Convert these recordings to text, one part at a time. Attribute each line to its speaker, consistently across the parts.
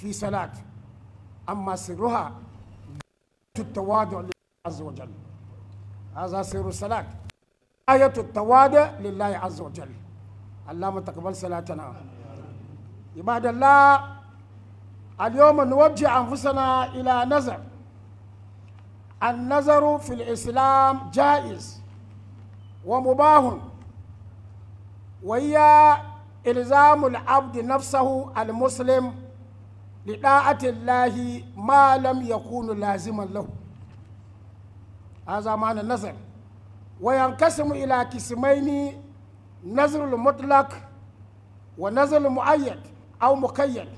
Speaker 1: في صلاة أما سرها التواضع لله عز وجل هذا سر الصلاة آية التواضع لله عز وجل اللهم تقبل صلاتنا عباد الله اليوم نوجه أنفسنا إلى نظر النظر في الإسلام جائز ومباح وهي إلزام العبد نفسه المسلم lida'atin lahi ma lam yakunu laziman lahu a zamanin nazar wayan kasimu ila kismaini nazarul mutlak wa nazarul mu'ayyad aw muqayyad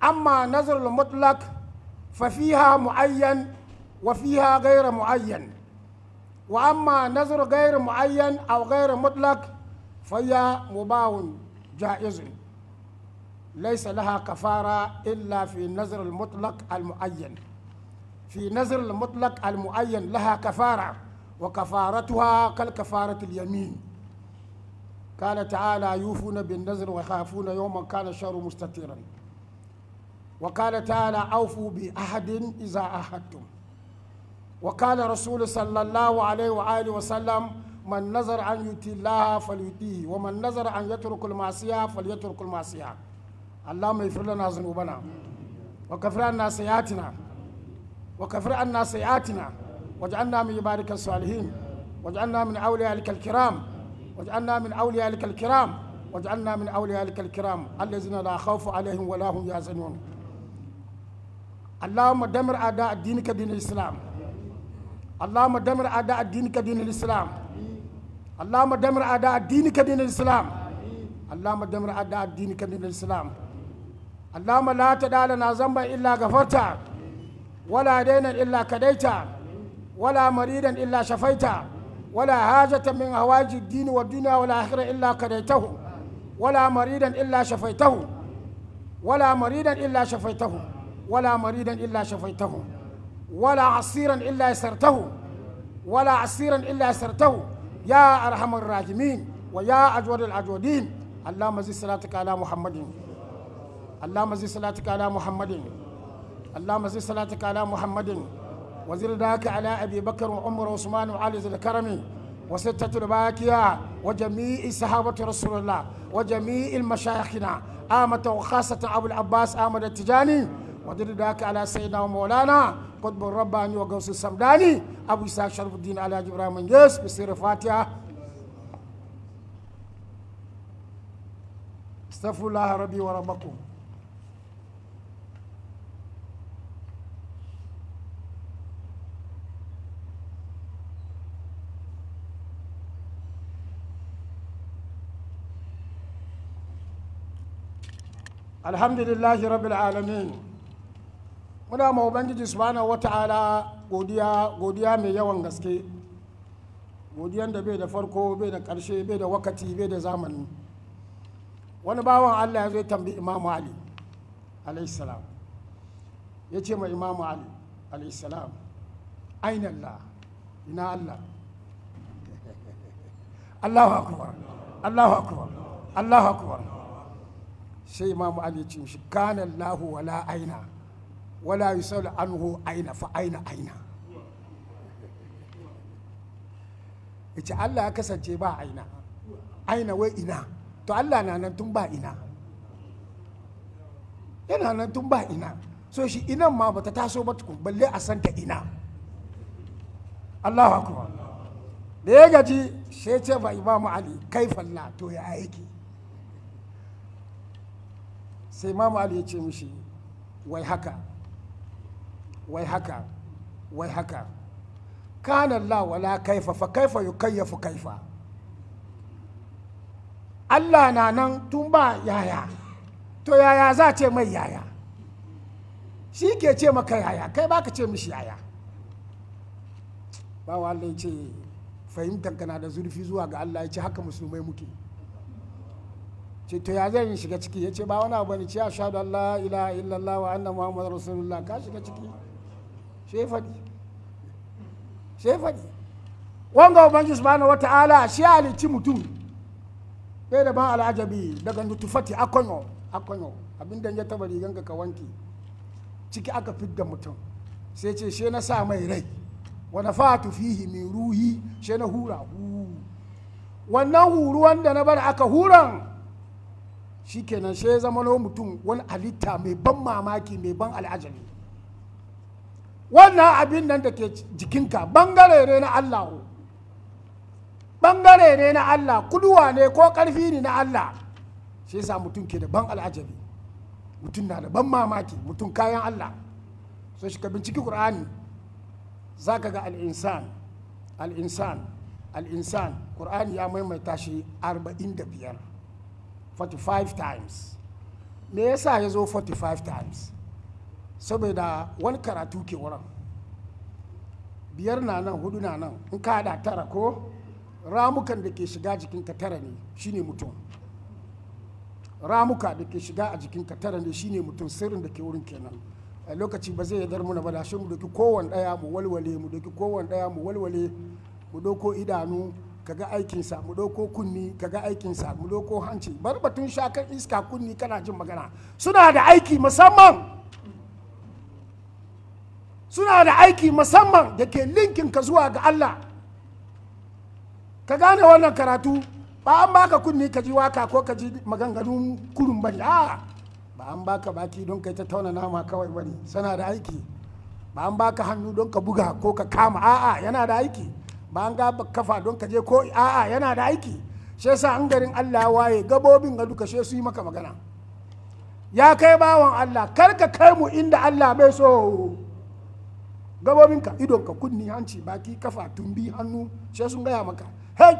Speaker 1: amma nazarul mutlak ففيها معين وفيها غير معين وأما نظر غير معين أو غير مطلق فهي مباح جائز ليس لها كفارة إلا في نظر المطلق المعين في نظر المطلق المعين لها كفارة وكفارتها كالكفارة اليمين قال تعالى يوفون بالنذر ويخافون يوما كان الشر مستطيرا وقال تعالى أوفوا بأحد إذا أحدتم وقال رسول صلى الله عليه وآله وسلم من نظر أن يؤتي الله فليطيعه ومن نظر أن يترك المعصية فليترك المعصية الله ما اغفر لنا ذنوبنا وكفر عنا سيئاتنا وكفر عنا سيئاتنا واجعلنا من عبادك الصالحين واجعلنا من اوليائك الكرام واجعلنا من اوليائك الكرام واجعلنا من اوليائك الكرام الذين لا خوف عليهم ولا هم يحزنون اللهم دمر اعداء دينك دين الاسلام اللهم دمر اعداء دينك دين الاسلام اللهم دمر اعداء دينك دين الاسلام اللهم دمر اعداء دينك دين الاسلام اللهم لا تدع لنا ذنبا إلا غفرته ولا دينا إلا كديته ولا مريدا إلا شفيته ولا حاجة من هواج الدين والدنيا والآخرة إلا كديته ولا مريدا إلا شفيته ولا مريدا إلا شفيته ولا مريدا إلا شفيته ولا عصيرا إلا يسرته ولا عصيرا إلا يسرته يا أرحم الراحمين ويا أجود الأجودين اللهم زد صلاتك على محمد اللهم زد صلاتك على محمد اللهم زد صلاتك على محمد وزر ذاك على ابي بكر وعمر وعثمان وعلي ذي الكرم وستة الباكية وجميع صحابة رسول الله وجميع المشايخنا آمة وخاصة أبو العباس آمة التجاني وزر ذاك على سيدنا ومولانا قطب الرباني وقوس السمداني أبو إسحاق شرف الدين على جبران من جيس بسير فاتحة استغفر الله ربي وربكم alhamdulillahi rabbil alamin muna ma ubangiji subhanahu wata'ala godiya godiya mai yawan gaske godiyan da bai da farko bai da karshe bai da wakati bai da zamani wani bawan allah ya zai tambi imamu ali alaihissalam ya ce ma imamu ali alaihissalam ainallah ina allah allahu akbar allahu akbar allahu akbar sai imamu ali cin shi kana lahu wala aina wala yusalu anhu aina fa aina aina ita allah ya kasance ba aina aina wai ina to allah na nan tun ba ina yana nan tun ba ina so shi inan ma bata taso ba tukun balle a santa ina allahu akbar da ya gaji sai ce ba imamu ali na to ya aiki sai mamu ali ya ce mishi wai haka wai haka wai haka kanan lawala kaifa fa kaifa fi kaifa Allah na nan tun ba yaya to yaya za ce mai yaya shi ke ce maka yaya kai baka ce mishi yaya ba Allah ya ce fahimtanka na da zurfi zuwa ga Allah ya ce haka musulmai muke ce to ya zan shiga ciki ya ce ba wani abu ne ce a shaɗu Allah ila illallah wa annan Muhammadu Rasulullah ka shiga ciki she faɗi she faɗi wanga na wata ala shi ya halicci mutum bai da ban al'ajabi daga nutufati akonyo akonyo abin da ya taba rigan ka wanki ciki aka fidda mutum sai ce she na sa mai rai wani fatu fihi min ruhi she na hura hu wannan huruwan da na bar aka huran shikenan sai ya zama mutum wani halitta mai ban mamaki mai ban al'ajabi wannan abin nan da ke jikinka bangare ne na Allah bangare ne na Allah kuduwa ne ko karfi ne na Allah shi yasa mutum ke da ban al'ajabi mutum na da ban mamaki mutum kayan Allah so shi ka binciki Qur'ani zaka ga al-insan al-insan al-insan Qur'ani ya maimaita shi 45 45 times me yasa ya zo 45 times saboda wani karatu ke wurin biyar na nan hudu na nan in ka hada tara ko ramukan da ke shiga jikinka tara ne shine mutum ramuka da ke shiga a jikin tara ne shine mutum sirrin da ke wurin kenan a lokaci ba zai yadda muna ba da shi mu doki kowane daya mu walwale mu doki kowane daya mu walwale mu doko idanu kaga aikin mu doko kunni kaga aikin mu doko hanci bar batun shakan iska kunni kana jin magana suna da aiki musamman suna da aiki musamman da ke linkin ka zuwa ga Allah ka gane wannan karatu ba an baka kunni ka ji waka ko ka ji maganganun kurun bane a ba an baka baki don kai ta tauna nama kawai bane suna da aiki ba an baka hannu don ka buga ko ka kama a'a yana da aiki ba an ga kafa don ka je ko a'a yana da aiki shi yasa an garin Allah waye gabobin ga duka shi su yi maka magana ya kai bawan Allah kar ka kai mu inda Allah bai so Gabobin ka ido ka kunni hanci baki kafa tumbi hannu shi sun gaya maka hey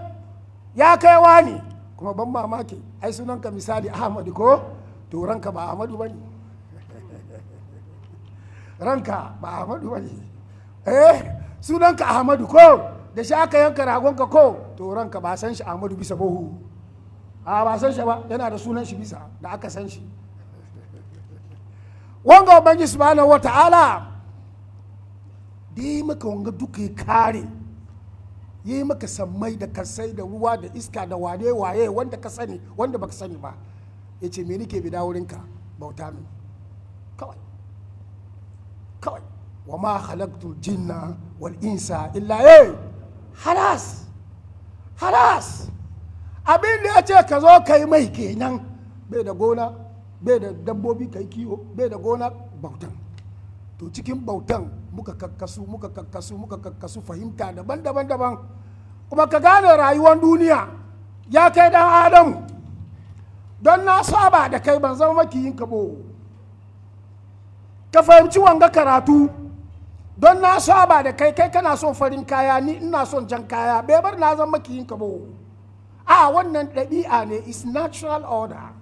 Speaker 1: ya kai wani kuma ban mamaki ai sunanka misali Ahmad ko to ranka ba Ahmadu bane ranka ba Ahmadu bane eh sunanka Ahmadu ko da shi aka yanka ragonka ko to ranka ba san shi amadu bisa bohu a ba san shi ba yana da sunan shi bisa da aka san shi wanga ubangiji subhanahu wa da yi maka wanga duka ya kare ya yi maka sammai da karsai da ruwa da iska da wane waye wanda ka sani wanda baka sani ba ya ce me nike bi wurinka bauta min kawai kawai wa ma khalaqtul jinna wal insa illa yai eh, halas halas abin da ya ce ka zo ka yi mai kenan bai da gona bai da dabbobi ka yi kiwo bai da gona bautan to cikin bautan muka kakkasu muka kakkasu muka kakkasu fahimta daban-daban daban kuma ka gane rayuwar duniya ya kai dan adam don na saba da kai ban zama makiyinka ba ka fahimci wanga karatu don na saba da kai kai kana son farin kaya ni ina son jan kaya bai bar na zan maki ka ba a wannan ɗabi'a ne is natural order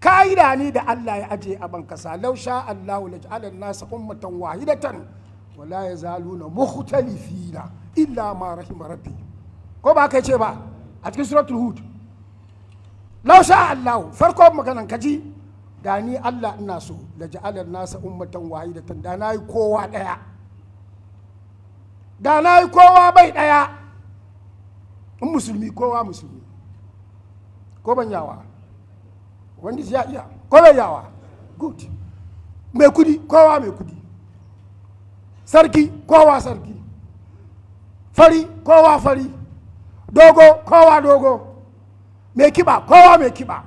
Speaker 1: ka'ida ni da Allah ya aje a ban kasa law sha Allahu la ja'ala an-nasa ummatan wahidatan wa la yazaluna mukhtalifina illa ma rahima rabbi ko ba kai ce ba a cikin suratul hud law sha Allahu farko maganan kaji da ni Allah ina so la ja'ala an-nasa ummatan wahidatan da nayi kowa daya da na yi kowa bai ɗaya in musulmi kowa musulmi ko ban yawa wanda ya iya ko bai yawa good mai kudi kowa mai kudi sarki kowa sarki fari kowa fari dogo kowa dogo mai kiba kowa mai kiba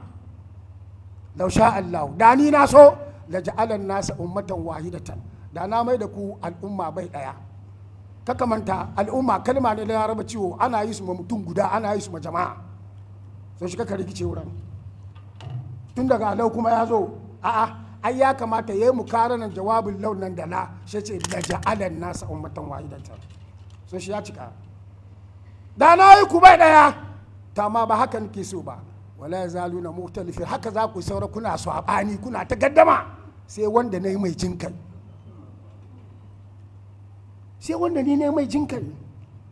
Speaker 1: lausha Allah da ni na so da ja'alan nasa ummatan wahidatan da na mai da ku al'umma bai ɗaya manta al'umma kalma ne da ya raba ciwo ana yi su ma mutum guda ana yi su ma jama'a sai shi kaka rikice wurin tun daga alau kuma ya zo a'a ai ya kamata ya yi mukaranan jawabin launin da na shi ce da ja'alan nasa ummatan wahidatan sai shi ya cika da na yi ku daya ta ma ba haka nake so ba wala ya zalu na mutalifin haka za ku yi saura kuna su kuna ta gaddama sai wanda na yi mai jinkai sai wanda ni ne mai jinkari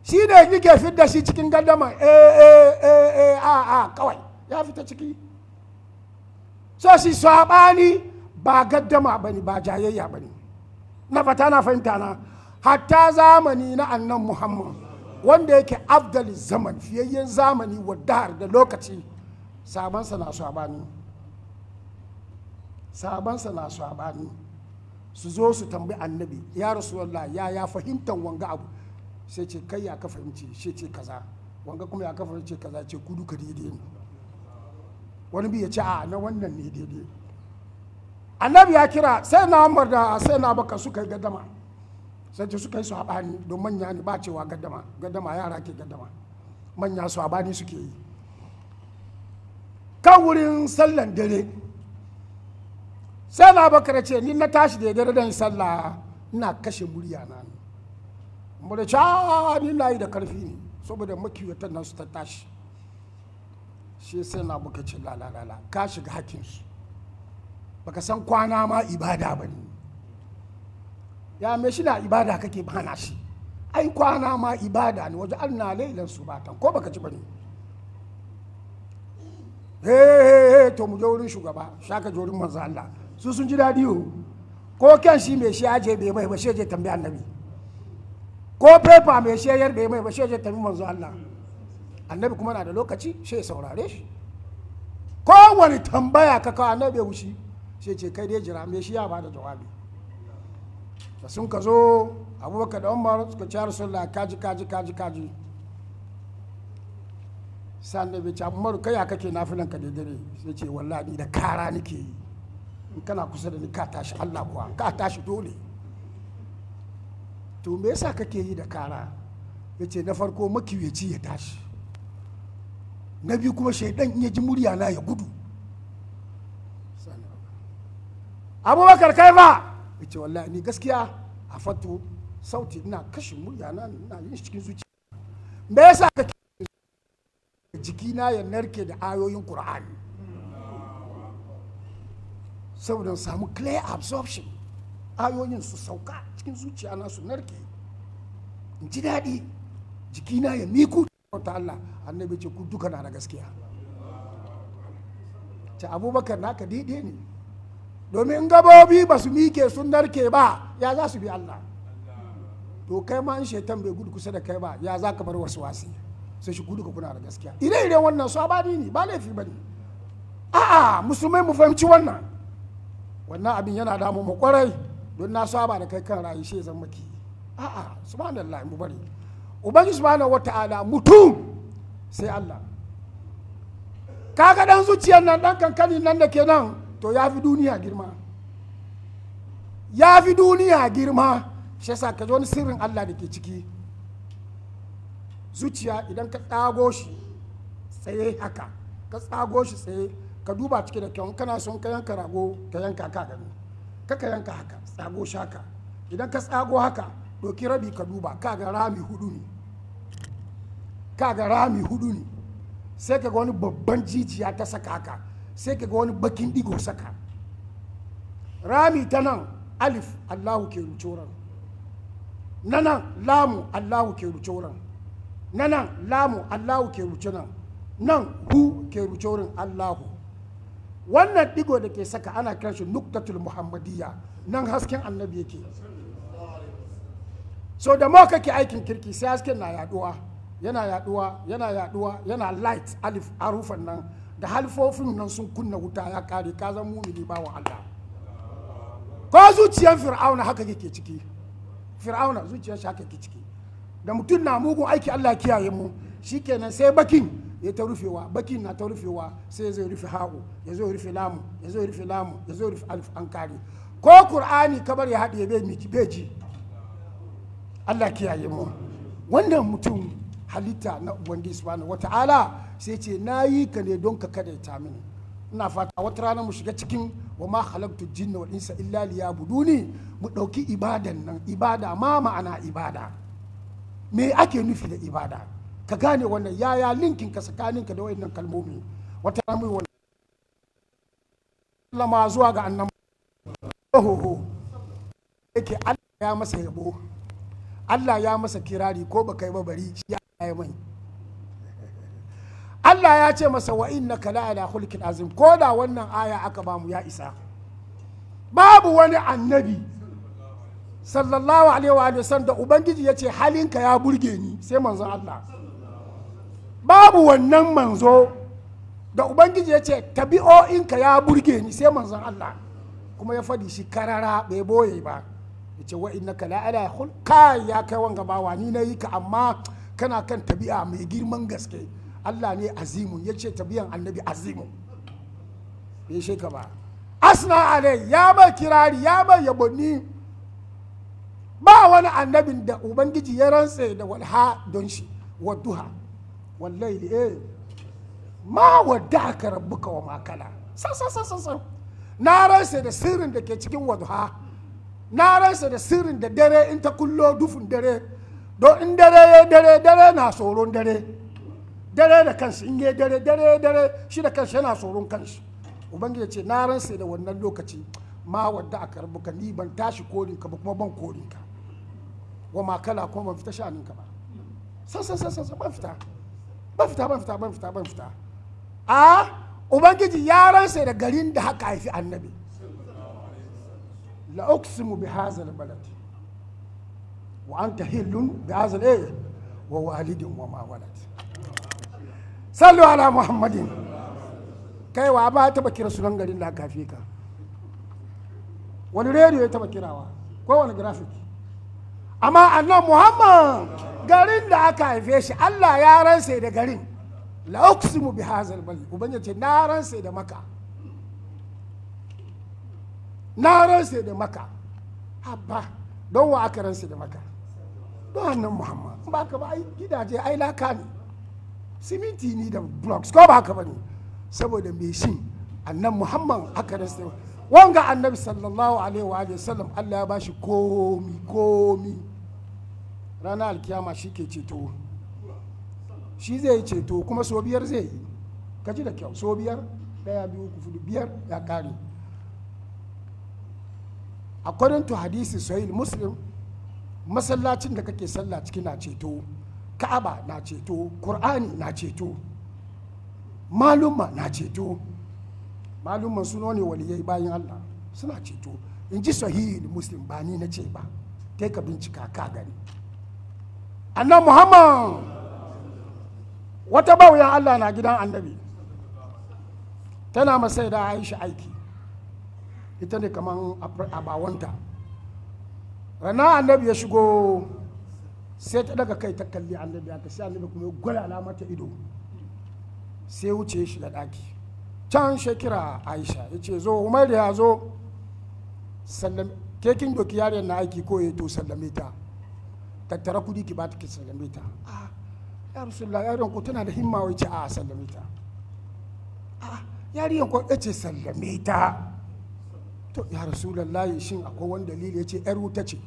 Speaker 1: shi ne nike fit da shi cikin gandama a eh, a eh, eh, a a kawai ya fita ciki so shi saɓani ba gaddama ba ne ba jayayya ba ne na fata na fahimta na hatta zamani na annan muhammad wanda yake abdali zaman fiyayyen zamani wadahar da lokaci sabansa na saɓani sabansa na su zo su tambayi annabi ya rasulullah ya ya fahimtar wanga abu sai ce kai ya ka fahimci shi ce kaza wanga kuma ya ka fahimci kaza ce kudu ka daidai ne wani bi ya ce a na wannan ne daidai annabi ya kira sai na amur da sai na baka suka yi gaddama sai ce suka yi su habani don manya ne ba cewa gaddama gaddama yara ke gaddama manya su habani suke yi kan wurin sallan dare sai na bakar ce ni na tashi da dare dan sallah ina kashe murya na mura da ah, ni na yi da karfi ne saboda makiyatan nan su ta tashi shi sai na baka ce la ka shiga hakinsu baka san kwana ma ibada ba ne ya me shi na ibada kake bana shi ai kwana ma ibada ne waje alna lailan su ba ko baka ci ba ne he he he to mu je wurin shugaba shaka je wurin manzo Allah su sun ji daɗi yau ko kyan shi mai shi aje bai mai ba shi je tambayi annabi ko fefa mai shi yar bai mai ba shi je tambayi manzo Allah annabi kuma na da lokaci shi ya saurare shi ko wani tambaya ka kawo annabi ya wuce shi ce kai dai jira mai shi ya bada jawabi da sun ka zo abubakar da umar suka ci harsun la kaji kaji kaji kaji sannan bai ci abu kai ya kake nafilan ka daidare sai ce wallahi da kara nake yi in kana kusa da ni ka tashi Allah kuwa ka tashi dole to me yasa kake yi da kara ya ce na farko makiyaci ya tashi na biyu kuma shaidan in ya ji murya na ya gudu abubakar kai ba ya ce wallahi ni gaskiya a fato sauti ina kashe murya na ina yin cikin zuciya me yasa kake jikina ya narke da ayoyin qur'ani saboda samu clear absorption ayoyin su sauka cikin zuciya na su narke in ji daɗi jikina ya miku ta Allah annabi ce ku duka na da gaskiya ta abubakar naka daidai ne domin gabobi ba su mike sun narke ba ya za su bi Allah to kai ma in shaitan bai gudu kusa da kai ba ya za ka bar wasu wasi sai shi gudu ka kuna da gaskiya ire-iren wannan su abadi ne ba laifi ba ne a'a musulmai mu fahimci wannan wannan abin yana damu mu kwarai don na saba da kai kan rayu sai zan maki a'a subhanallahi mu bari ubangi subhanahu wata'ala mutum sai Allah kaga dan zuciyar nan dan kankani nan da ke nan to ya fi duniya girma ya fi duniya girma shi yasa ka ji wani sirrin Allah da ke ciki zuciya idan ka tsago shi tsaye haka ka tsago shi tsaye ka duba ciki da kyau kana son ka yanka rago ka yanka ka gani ka ka yanka haka tsago shaka idan ka tsago haka doki rabi ka duba ka ga rami hudu ne ka ga rami hudu ne sai ka ga wani babban jijiya ta saka haka sai ka ga wani bakin digo saka rami ta nan alif allahu ke rucoran na nan lamu allahu ke rucoran na nan lamu allahu ke rucoran nan hu ke rucorin allahu wannan digo da ke saka ana kiran shi nuktatul muhammadiyya nan hasken annabi yake so da mawa kake aikin kirki sai hasken na yaduwa yana yaduwa yana yaduwa yana light alif arufan nan da halifofin nan sun kunna wuta ya kare ka zan mumini bawa Allah ko zuciyar fir'auna haka yake ciki fir'auna zuciyar shi haka yake ciki da mutum na mugun aiki Allah kiyaye mu shikenan sai bakin ya ta rufewa bakin na ta rufewa sai zai rufe ha'u ya zai rufe lamu ya zai rufe lamu ya zai rufe alif an kare ko qur'ani kabar ya haɗe bai miki beji Allah kiyaye mu wannan mutum halitta na ubangiji subhanahu wata'ala sai ce na yi ka ne don ka kada ta mini ina fata wata rana mu shiga cikin wa ma khalaqtu jinna wal insa illa liyabuduni mu dauki ibadan nan ibada ma ma'ana ibada me ake nufi da ibada ka gane wannan yaya linkin ka tsakaninka da wayannan kalmomi wata ramu wannan lama zuwa ga annan ohoho yake Allah ya masa yabo Allah ya masa kirari ko baka yi bari shi ya yi mai Allah ya ce masa wa inna kala ala khulqin azim ko da wannan aya aka bamu ya isa babu wani annabi sallallahu alaihi wa sallam da ubangiji ya ce halinka ya burge ni sai manzon Allah babu wannan manzo da ubangiji ya ce tabi'o'inka ya burge ni sai manzon Allah kuma ya fadi shi karara bai boye ba ya ce wa'innaka la'ala hulka ya kai wanga bawa ni na yi ka amma kana kan tabi'a mai girman gaske Allah ne azimu ya ce tabi'an annabi azimu bai shi ka ba asna alai ya ba kirari ya ba yabonni ba wani annabin da ubangiji ya rantse da walha don shi wadduha wallahi eh ma wadda ka rabbuka wa makala sassan na ransa da sirrin da ke cikin wadha na ransa da sirrin da dare in ta kullo dufin dare don in dare ya dare dare na tsoron dare dare da kansu in ya dare dare dare shi da kansu yana tsoron kansu ubangiji ce na ransa da wannan lokaci ma wadda aka ka ni ban tashi korinka ba kuma ban korinka wa makala kuma ban fita ka ba sassan sassan ban fita ban fita ban fita ban fita ban fita a ubangiji ya ransa da garin da haka haifi annabi la uqsimu bi hazal balad wa anta hillun bi hazal eh wa walidin wa ma walad sallu ala muhammadin kai wa ba ta bakira sunan garin da haka haifi ka wani rediyo ya taba kirawa ko wani graphic amma annan muhammad garin da aka haife shi allah ya ransa da garin la'uksimu bi hazal bali ubangiji ce na ransa da maka na ransa da maka abba don wa aka ransa da maka don annan muhammad ba ka ba ai gidaje ai laka ne siminti ni da blocks ko ba ka ba ne saboda me shi annan muhammad aka ransa wanga annabi sallallahu alaihi wa sallam allah ya bashi komi komi ranar alkiyama shi ke ceto shi zai yi ceto kuma so biyar zai yi kaji da kyau so biyar daya biyu ku fudu biyar ya kare according to hadisi sahih muslim masallacin da kake sallah ciki na ceto ka'aba na ceto qur'ani na ceto malumma na ceto malumma suna ne waliyai bayan allah suna ceto in ji sahihi muslim ba ni na ce ba kai ka bincika ka gani annan muhammad wata bauya allah na gidan annabi tana masai da aisha aiki ita ne kamar abawanta rana annabi ya shigo sai ta daga kai ta kalli annabi a sai annabi kuma ya gwada alamata ido sai wuce shi da daki can shekira aisha ya ce zo umar da ya zo kekin doki yariyar na aiki ko ya to sallame ta tattara kudi ki bata ki sallame ta ya rasulullah yaron ku tana da himma wai ce a sallame ta a yariyan ya ce sallame ta to ya rasulullah shin akwai wani dalili ya ce yar wuta ce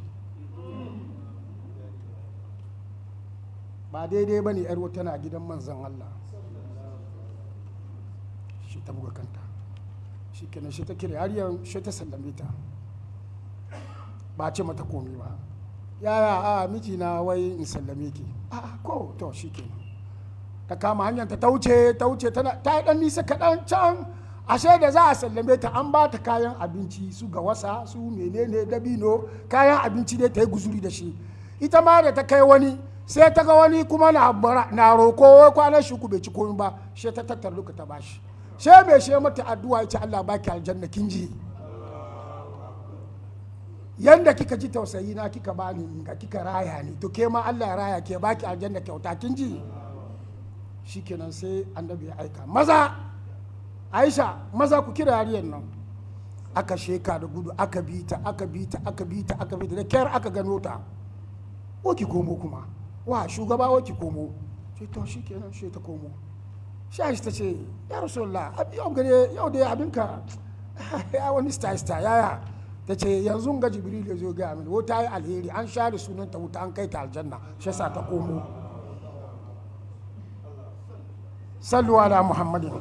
Speaker 1: ba daidai ba ne yar wuta na gidan manzan Allah shi ta buga kanta shi kenan shi ta kira yariyan shi ta sallame ta ba ce mata komi ba yaya a mijina wai in sallame ki a ko to shi kenan ta kama hanyar ta tauce tauce ta yi dan nisa kaɗan can ashe da za a sallame ta an ba ta kayan abinci su ga wasa su menene dabino kayan abinci dai ta yi guzuri da shi ita ma da ta kai wani sai ta ga wani kuma na roko wai kwanan shi ku bai ci komai ba shi ta tattar duka ta bashi she mai she mata addu'a ya ce Allah baki aljanna kin ji yanda kika ji tausayi na kika bani ga kika raya ni to ke ma Allah ya raya ke baki aljanna kyauta kin ji shikenan sai annabi ya aika maza Aisha maza ku kira yariyar nan aka sheka da gudu aka bi ta aka bi ta aka bi ta aka bi ta da kyar aka gano ta ki komo kuma wa shugaba ki komo sai to shikenan sai ta komo shi ta ce ya rasulullah abi yau gare yau da abinka ya wani star star yaya ta ce yanzu ga jibril ya zo ga min ta yi alheri an share sunan ta wuta an kai ta aljanna shi sa ta komo salluwa da muhammadin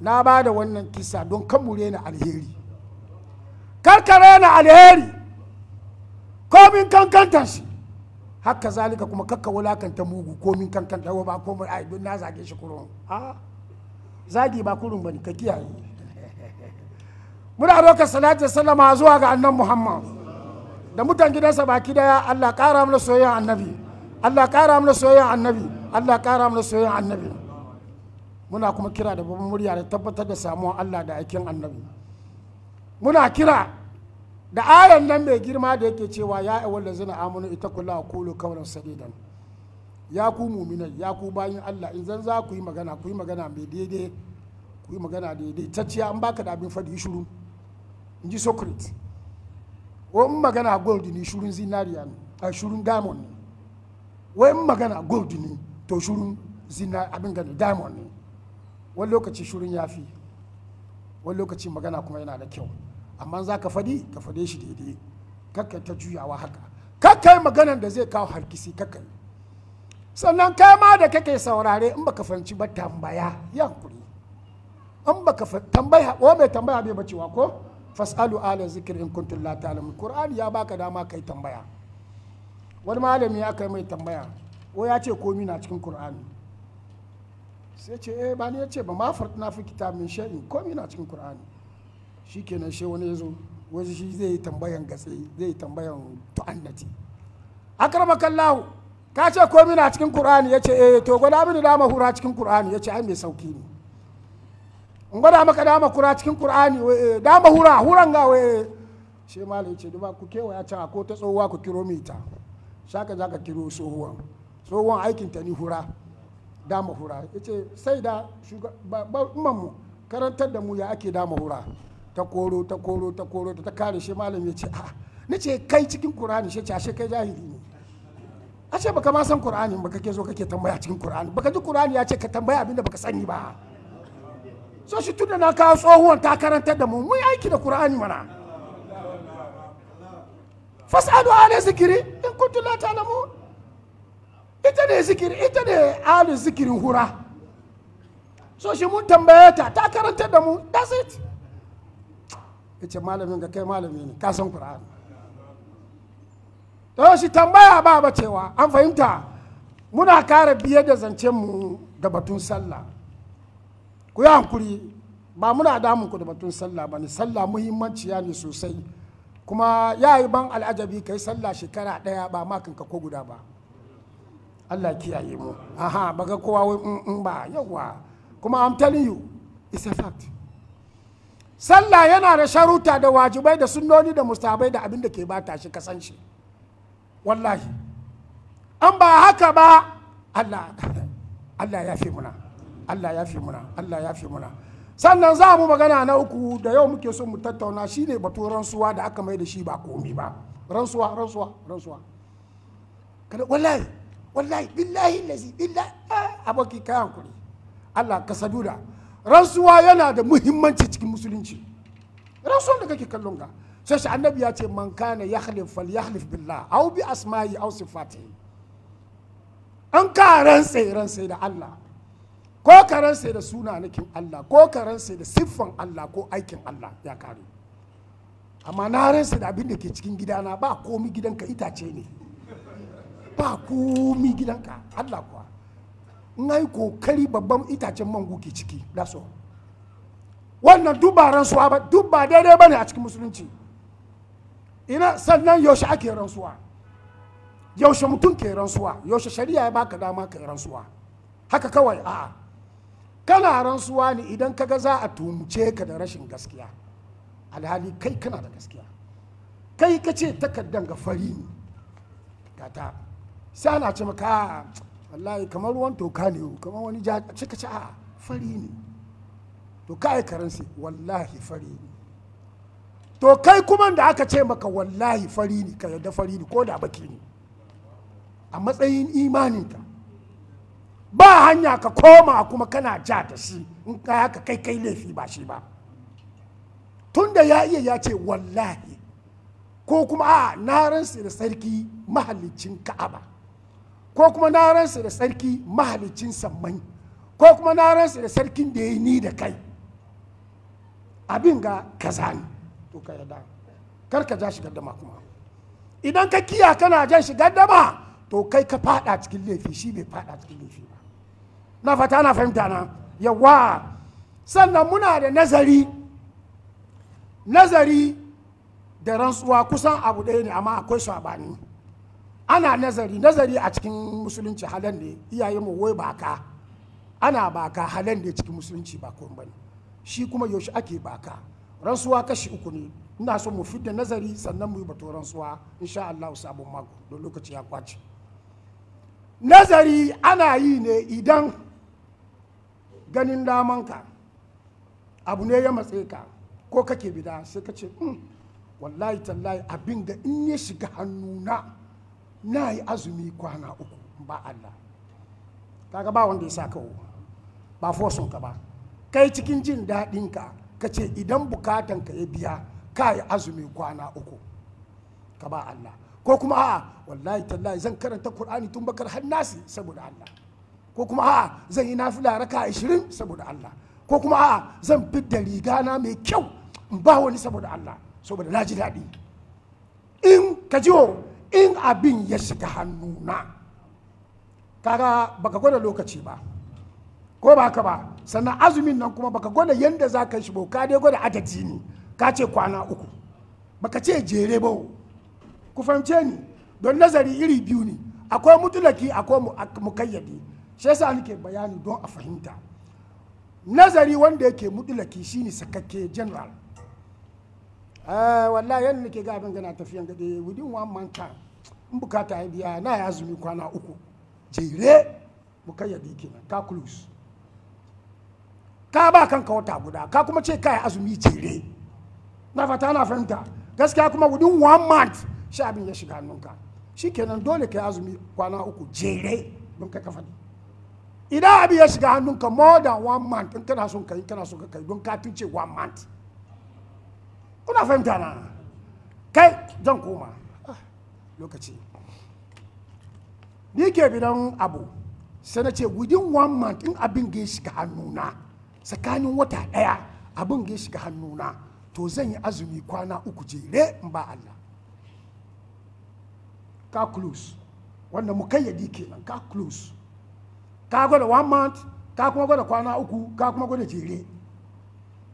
Speaker 1: na ba da wannan kisa don kan mu rena alheri karkare na alheri komin kankantar shi haka zalika kuma kakka wulakanta mugu komin kankantar ba komai ai don na zage shi kurun a zagi ba kurun bane ka kiyaye muna roƙar salatu sallama zuwa ga annan muhammad da mutan gidansa baki daya allah ƙara mana soyayya annabi allah ƙara mana soyayya annabi allah ƙara mana soyayya annabi muna kuma kira da babban murya da tabbatar da samuwar allah da aikin annabi muna kira da ayan nan mai girma da yake cewa ya yi wanda zina amunu ita kula a kulu kawalan sadidan ya ku muminai ya ku bayan allah idan za ku yi magana ku yi magana mai daidai ku yi magana daidai ta ciya an baka da abin fadi shiru in ji socrates wani magana gold ne shurin zinariya ne a shurin diamond ne wani magana gold ne to shurin zina abin gani diamond ne wani lokaci shurin ya fi wani lokaci magana kuma yana da kyau amma za ka fadi ka fade shi daidai kakka ta juyawa haka yi maganan da zai kawo harkisi kakkai sannan kai ma da kake saurare in baka fahimci ba tambaya yan kuri in baka tambaya wa mai tambaya bai bacewa ko fasalu ala zikir in kuntum la ta'lamun qur'ani ya baka dama kai tambaya wani malami ya kai mai tambaya ko ya ce komi na cikin qur'ani sai ce eh ba ne ya ce ba ma fartna fi kitabin shay'in komi na cikin qur'ani shikenan shi wani ya zo wasu shi zai yi tambayan gatse zai yi tambayan tu'annati akramakallahu ka ce komi na cikin qur'ani ya ce eh to gwada mini dama hura cikin qur'ani ya ce ai mai sauki ne in gwada maka dama kura cikin qur'ani eh, dama hura huran ga waye eh. she malam ce duba ku kewaya ta ko ta tsohuwa ku kiro mita shaka ka kiro tsohuwan tsohuwan aikin ta ni hura dama hura yace sai da shugaba mu karantar da mu ya ake dama hura ta koro ta koro ta koro ta kare shi malam ya ce ah. a ni ce kai cikin qur'ani shi ce ashe kai jahili ne ashe baka ma san qur'ani baka ke zo kake tambaya cikin qur'ani baka ji qur'ani ya ce ka tambaya abinda baka sani ba so shi tunda na kawo tsohuwan ta karantar da mu mun aiki da qur'ani mana fas'alu ala zikiri in kuntu la ta'lamun ita ne zikiri ita ne alin zikirin hura so shi mun tambaye ta ta karantar da mu that's it ita malamin ga kai malami ne ka san qur'ani to shi tambaya ba ba cewa an fahimta muna kara biye da zancen mu da batun sallah ku yi hankuri ba muna damun ku da batun sallah ba ne sallah muhimmanciya ne sosai kuma ya yi ban al'ajabi kai sallah shekara ɗaya ba makin ka ko guda ba Allah kiyaye mu aha ga kowa wai in ba yawa kuma I'm telling you it's a fact sallah yana da sharuta da wajibai da sunnoni da mustabai da abin da ke bata shi kasan shi wallahi an ba haka ba Allah Allah ya fi muna Allah ya fi muna Allah ya fi muna sannan za mu magana na uku da yau muke so mu tattauna shine batun rantsuwa da aka mai da shi ba komi ba rantsuwa rantsuwa rantsuwa kada wallahi wallahi billahi lazi billahi eh, aboki kayan kuri Allah ka saduda rantsuwa yana da muhimmanci cikin musulunci rantsuwa da kake kallon ga sai shi annabi ya ce man kana yahlif fal yahlif billah aw bi asma'i aw sifatihi an ka rantsai rantsai da Allah ko karansa sai da suna nakin Allah ko karan sai da siffan Allah ko aikin Allah ya kare amma na ransa da abin da ke cikin gidana ba komi gidanka itace ne ba komi gidanka Allah kuwa in ai kokari babban itacen mango ke ciki da so wannan dubba ransuwa ba dubba daidai ba ne a cikin musulunci ina sannan yaushe ake ransuwa yaushe mutum ke ransuwa yaushe shari'a ya baka dama ka ransuwa haka kawai a'a kana rantsuwa ne idan kaga za a tumce ka da rashin gaskiya alhali kai kana da gaskiya kai ka ce takardar ga fari ne gata sai ana ce maka wallahi kamar ruwan toka ne kamar wani ja ce ka ce a fari ne to ka yi karansi wallahi fari ne to kai kuma da aka ce maka wallahi fari ne ka yarda fari ne ko da baki ne a matsayin imaninka ba hanya ka koma kuma kana ja da shi in ka haka kai kai laifi ba shi ba tun da ya iya ya ce wallahi ko kuma a na ransa da sarki mahalicin ka'aba ko kuma na ransa da sarki mahalicin sammai ko kuma na ransa da sarkin da ya ni da kai abin ga kaza ne to ka yarda kar ka ja shi gaddama kuma idan ka kiya kana jan shi gaddama to kai ka fada cikin laifi shi bai fada cikin laifi na fata na fahimta na yawa sannan muna da nazari nazari da rantsuwa kusan abu ɗaya ne amma akwai sabani ana nazari nazari a cikin musulunci halan ne iyaye mu wai baka ana baka halan ne cikin musulunci ba kun bane shi kuma yaushe ake baka rantsuwa kashi uku ne ina so mu fidda nazari sannan mu yi bato rantsuwa insha Allah sabon mako don lokaci ya kwace nazari ana yi ne idan ganin ka abu ne ya matse ka ko kake bida sai ka ce hmm, wallahi tallahi abin da in ya shiga hannuna na yi azumi kwana uku ba Allah kaga ba wanda ya sa kawo ba fosun ka ba kai cikin jin daɗin ka ce idan bukatan ka ya biya ka yi azumi kwana uku ka ba Allah ko kuma a'a wallahi tallahi zan karanta Qur'ani tun bakar hannasi saboda Allah ko kuma a, zan yi nafila raka ashirin saboda Allah ko kuma a, zan fidda riga na mai kyau in ba wani saboda Allah saboda na ji daɗi in ka jiwo in abin ya shiga hannuna kaga baka gwada lokaci ba ko ba ka ba sannan azumin nan kuma baka gwada yadda za ka shi ka dai gwada adadi ne ka ce kwana uku baka ce jere ba ku fahimce ni don nazari iri biyu ne akwai mutulaki akwai mukayyadi shi yasa nake bayani don a fahimta nazari wanda yake mutulaki ne sakakke general eh, wallahi yadda nake ga abin gana tafiyan gade within one month in bukata ya biya na ya azumi kwana uku jere mukayyadi kenan calculus ka ba kanka wata guda ka kuma ce kai azumi jere na fata na fahimta gaskiya kuma within one month sha abin ya shiga hannunka shikenan dole kai azumi kwana uku jere don kai ka faɗi ida abi ya shiga hannunka more than one month in kana son kai kana son kai don ka one month kuna fahimta na kai zan koma lokaci ni ke bidan abu sai na ce within one month in abin ga ya shiga hannuna tsakanin wata daya abin ga ya shiga hannuna to zan yi azumi kwana uku jere in ba Allah ka close wanda mukayyadi kenan ka close ka gwada one month ka kuma gwada kwana uku ka kuma gwada jere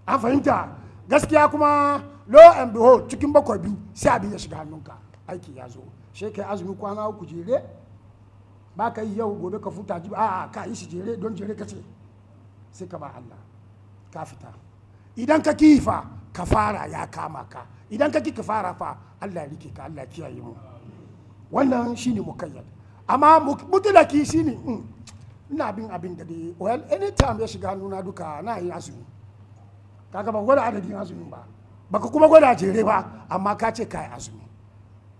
Speaker 1: an fahimta gaskiya kuma lo and behold cikin bakwai biyu sai abin ya shiga hannunka aiki ya zo sai kai azumi kwana uku jere ba ka yi yau gobe ka futa ji a ka yi shi jere don jere ka ce sai ka ba Allah ka fita idan ka kifa ka fara ya kama ka idan ka kika ka fara fa Allah ya rike ka Allah kiyaye mu wannan shine mukayyad amma mutulaki shine hmm, ina bin abin da dai well anytime ya shiga nuna duka na yi azumi kaga ban gwada adadin azumin ba baka kuma gwada jere ba amma ka ce ka yi azumi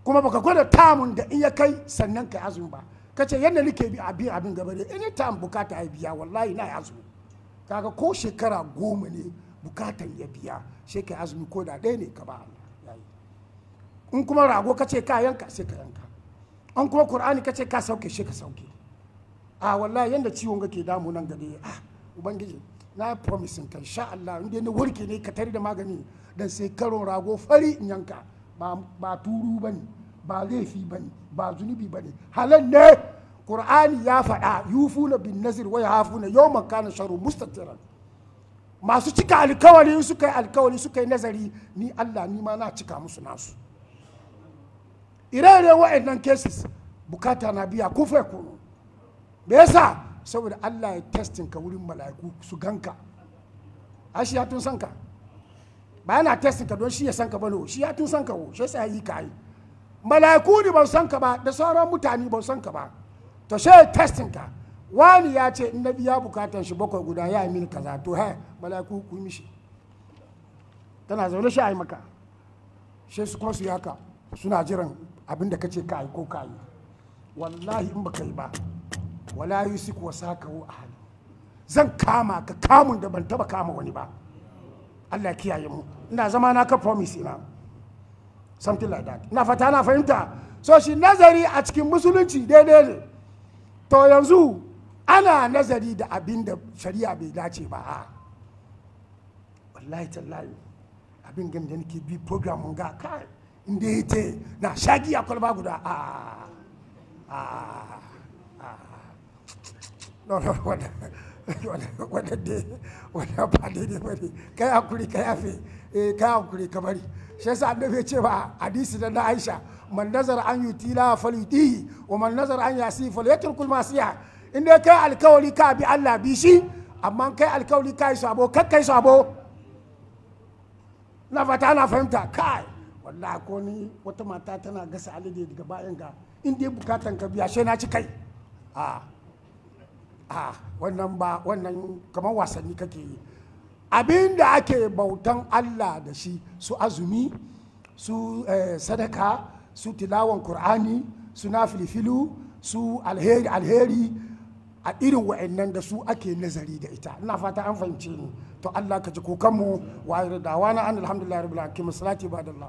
Speaker 1: kuma baka gwada tamun da in ya kai sannan ka yi azumi ba ka ce yadda nake bi abin abin gaba da anytime bukata ya biya wallahi na yi azumi kaga ko shekara goma ne bukatan ya biya sai ka yi azumi ko da ɗaya ne ka ba Allah in kuma rago ka ce ka yanka sai ka yanka an kuma qur'ani ka ce ka sauke sai ka sauke a ah, wallahi yanda ciwon ga ke damu nan gade a ah, ubangiji na promise kan sha Allah in dai na warke ne ka tare da magani dan sai karon rago fari in yanka ba turu bane ba laifi bane ba zunubi bane halan ne qur'ani ya faɗa yufuna bin nazir wa yahafuna yawman kana sharu mustatiran masu cika alkawari su kai alkawari suka yi nazari ni Allah ni ma na cika musu nasu ire-iren wa'annan cases bukata na biya kun fai me yasa saboda Allah ya testin ka wurin mala'iku su ganka shi ya tun sanka ba yana testin ka don shi ya sanka bane shi ya tun sanka wo oh. shi sai yi kai mala'iku ne ba sanka ba da sauran mutane ba sanka ba to sai testin ka wani ya ce in na biya bukatan shi bakwai guda ya yi mini kaza to he mala'iku ku mishi tana zaune shi a yi maka shi su kuma su yaka suna jiran abin da ka ce ka yi ko ka yi wallahi in baka yi ba wala yusik wa sakahu zan kama ka kamun da ban taba kama wani ba Allah kiyaye mu ina zama na ka promise ina something like that na fata na fahimta so shi nazari a cikin musulunci daidai ne to yanzu ana nazari da abin da shari'a bai dace ba a wallahi tallahi abin gan da nake bi program ga kai inda yake na shagi a kwalba guda a a wannan ba daidai ba ne kai hakuri kai afe eh, kai hakuri ka bari shi yasa annabi ya ce ba hadisi da na Aisha man nazara an yutila falyutihi wa man nazara an yasi falyatrukul masiya in dai kai alkawari ka bi Allah bi shi amma kai alkawari kai sabo kakkai sabo na fata na fahimta kai wallahi ko ni wata mata tana gasa alade daga bayan ga in dai bukatan ka biya shi na ci kai a ah. a ah, wannan ba wannan kamar wasanni kake yi abin da ake bautan allah da shi su azumi su eh, sadaka su tilawan kur'ani su na filifilu su alheri alheri a irin wa'annan da su ake nazari da ita ina fata an fahimce ni to allah ka ji kokanmu wa wani an alhamdulillah rabbil alamin salati allah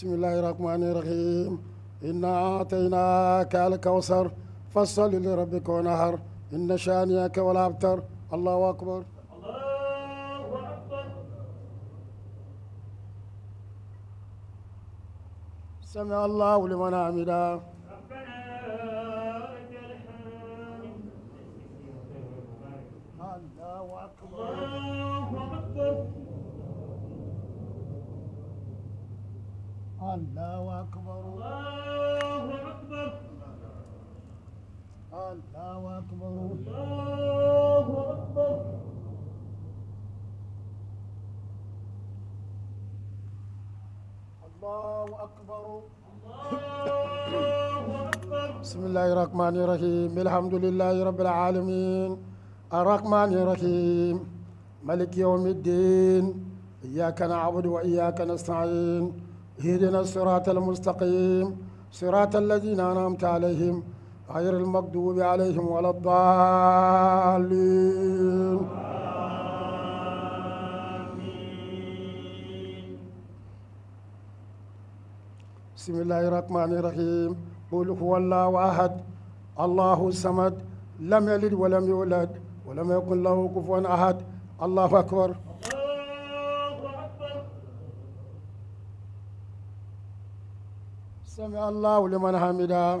Speaker 1: بسم الله الرحمن الرحيم إنا آتيناك الكوثر فصل لربك ونهر إن شانيك ولا أبتر الله أكبر سمع الله لمن حمده
Speaker 2: الله أكبر
Speaker 1: الله أكبر
Speaker 2: الله أكبر
Speaker 1: الله أكبر الله أكبر الله
Speaker 2: أكبر
Speaker 1: بسم الله الرحمن الرحيم الحمد لله رب العالمين الرحمن الرحيم ملك يوم الدين إياك نعبد وإياك نستعين اهدنا الصراط المستقيم صراط الذين أنعمت عليهم غير المغضوب عليهم ولا الضالين بسم الله الرحمن الرحيم قل هو الله أحد الله الصمد لم يلد ولم يولد ولم يكن له كفوا أحد الله أكبر سمع الله لمن حمده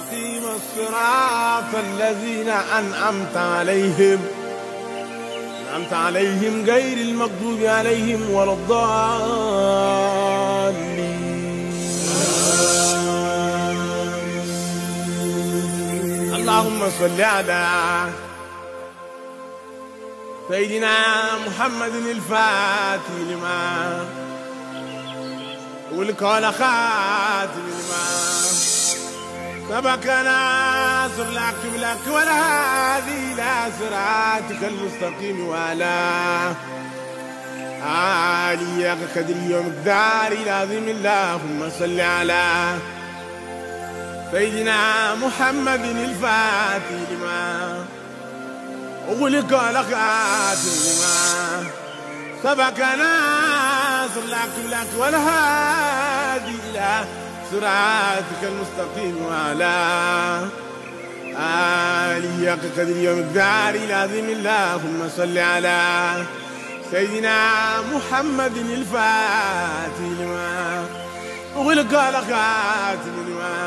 Speaker 2: فاستقيم الصراط الذين أنعمت عليهم أنعمت عليهم غير المغضوب عليهم ولا الضالين اللهم صل على سيدنا محمد الفاتح لما والقال خاتم لما ما كان عاصر لا اكتب لك ولا هذه لا سراتك المستقيم ولا عليك قدري ومقداري لازم اللهم صل على سيدنا محمد الفاتح لما أغلق لقاته لما سبق ناصر لك ولا هذه لا صراطك المستقيم وعلى آلي حق قدري ومقداري لازم اللهم صل على سيدنا محمد الفاتح لما أغلق لقاتل لما